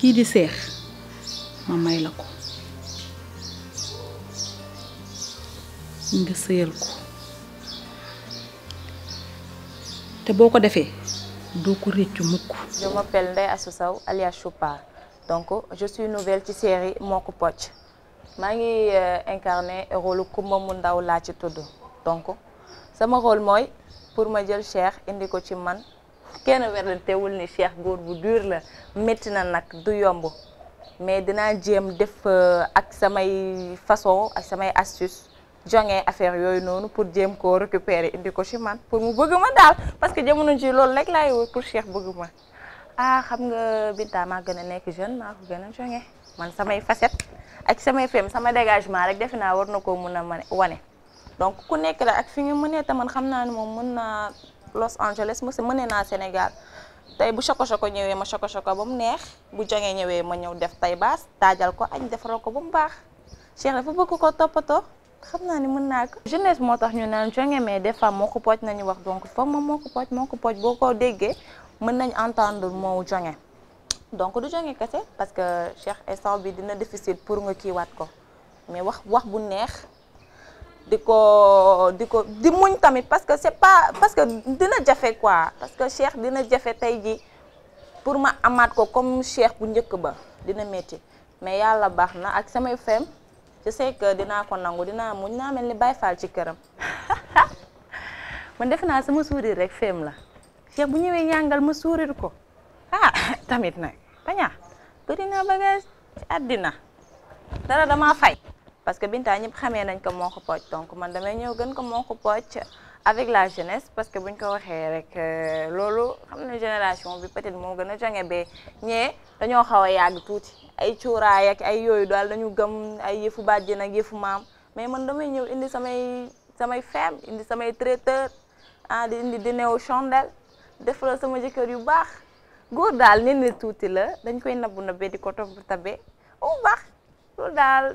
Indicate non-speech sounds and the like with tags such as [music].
kii di seex ma may la ko nga sëyal ko te boo ko defee doo ko réccu mukk je m'appelle Ndeye Assou Sow alias Choupa donc je suis nouvelle ci série moo ko pocc maa ngi euh, incarné rôle Kumba mu ndaw laa ci tudd donc sama rôle mooy pour ma jël Cheikh indi ko ci man kenn werantewul ni Cheikh góor bu dur la métti na nag du yomb mais dinaa jéem def euh, ak samay façon ak samay astuce jonge affaire yooyu noonu pour jéem koo récupérer indi ko ci man pour mu bëgg ma daal parce que jamono ci loolu rek laay wër pour Cheikh bëgg ma ah xam nga Binta maa gën a nekk jeune maa ko gën a jonge man samay facette ak samay fem sama dégagement rek defe naa war na koo mun a wane donc ku nekk la ak fi nga mënee te man xam naa ni moom mën naa Los Angeles mu si mënee naa Sénégal tey bu choco choco ñëwee ma choco choco ba mu neex bu jongee ñëwee ma ñëw def tay baas taajal ko añ defaral ko ba mu baax Cheikh dafa bëgg ko toppatoo xam naa ni mën naa ko. jeunesse moo tax ñu naan jonge mais des fois moo ko pooj nañu wax donc foog moom moo ko pooj moo ko pooj boo ko déggee mën nañu entendre moo jonge donc du jonge kese parce que Cheikh instant bi dina difficile pour nga kiiwaat ko mais wax wax bu neex. diko diko di muñ tamit parce que c'est pas parce que dina jafe quoi parce que cheikh dina jafe tey ji pour ma amat ko comme cheikh bu ñëk ba dina metti mais yalla baxna ak samay fem je sais que dina ko nangu dina muñ na melni bay Baye Fall ci kërëm [laughs] man defe naa sama sourire rek fem la cheikh bu ñëwé ñangal ma sourire ko ah tamit nak baña bari na bagage adina dara dama fay parce que Binta ñëpp xamee nañ ko moo ko donc man damay ñëw gën ko moo ko avec la jeunesse parce que bu buñ ko waxee rek euh, loolu xam na génération bi peut-être moo gën a jonge bee ñee dañoo xaw a yàgg tuuti ay cuuraay ak ay yooyu daal dañu gëm ay yëfu bàjjen ak yëfu maam mais man damay ñëw indi samay samay femme indi samay traiteur ah di indi di néew chandelle def la sama jëkkër yu baax góor daal nen ne tuuti la dañ koy na be di ko topp tabe bu oh, baax daal